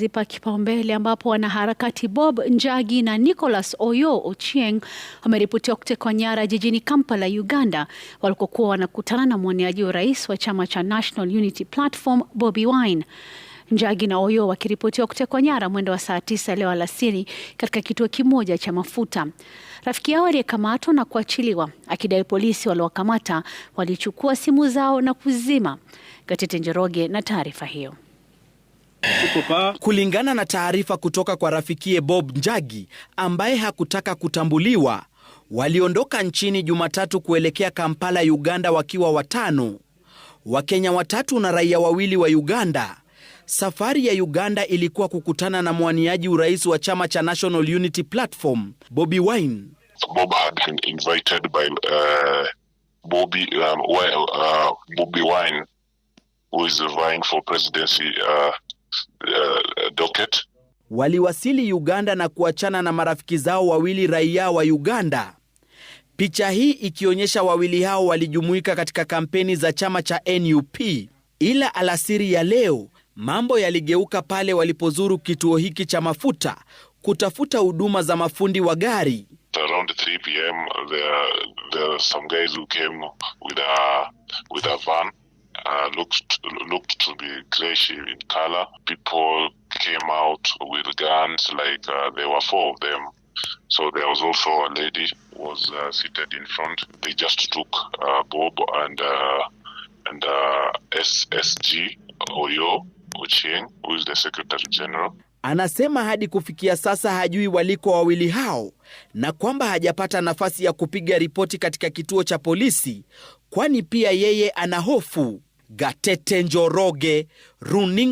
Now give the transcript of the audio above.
zipa kipaumbele ambapo wanaharakati Bob Njagi na Nicholas Oyo Ochieng wameripotiwa kutekwa nyara jijini Kampala, Uganda, walikokuwa wanakutana na mwaniaji wa rais wa chama cha National Unity Platform Bobi Wine. Njagi na Oyo wakiripotiwa kutekwa nyara mwendo wa saa tisa leo alasiri katika kituo kimoja cha mafuta. Rafiki yao aliyekamatwa na kuachiliwa akidai polisi waliowakamata walichukua simu zao na kuzima. Gatete Njoroge na taarifa hiyo. Kulingana na taarifa kutoka kwa rafikie Bob Njagi ambaye hakutaka kutambuliwa, waliondoka nchini Jumatatu kuelekea Kampala, Uganda wakiwa watano, Wakenya watatu na raia wawili wa Uganda. Safari ya Uganda ilikuwa kukutana na mwaniaji urais wa chama cha National Unity Platform, Bobi Wine. Bob had been invited by, uh, Bobby, um, well, uh, Wine who is vying for presidency, uh, uh, docket. Waliwasili Uganda na kuachana na marafiki zao wawili raia wa Uganda. Picha hii ikionyesha wawili hao walijumuika katika kampeni za chama cha NUP. Ila alasiri ya leo mambo yaligeuka pale walipozuru kituo hiki cha mafuta kutafuta huduma za mafundi wa gari. Around 3 pm, there, there are some guys who came with a, with a van. Uh, looked looked to be grayish in color. People came out with guns, like uh, there were four of them. So there was also a lady who was uh, seated in front. They just took uh, Bob and uh, and uh, SSG Oyo Ochieng, who is the Secretary General. Anasema hadi kufikia sasa hajui waliko wawili hao na kwamba hajapata nafasi ya kupiga ripoti katika kituo cha polisi kwani pia yeye ana hofu Gatete Njoroge, runinga.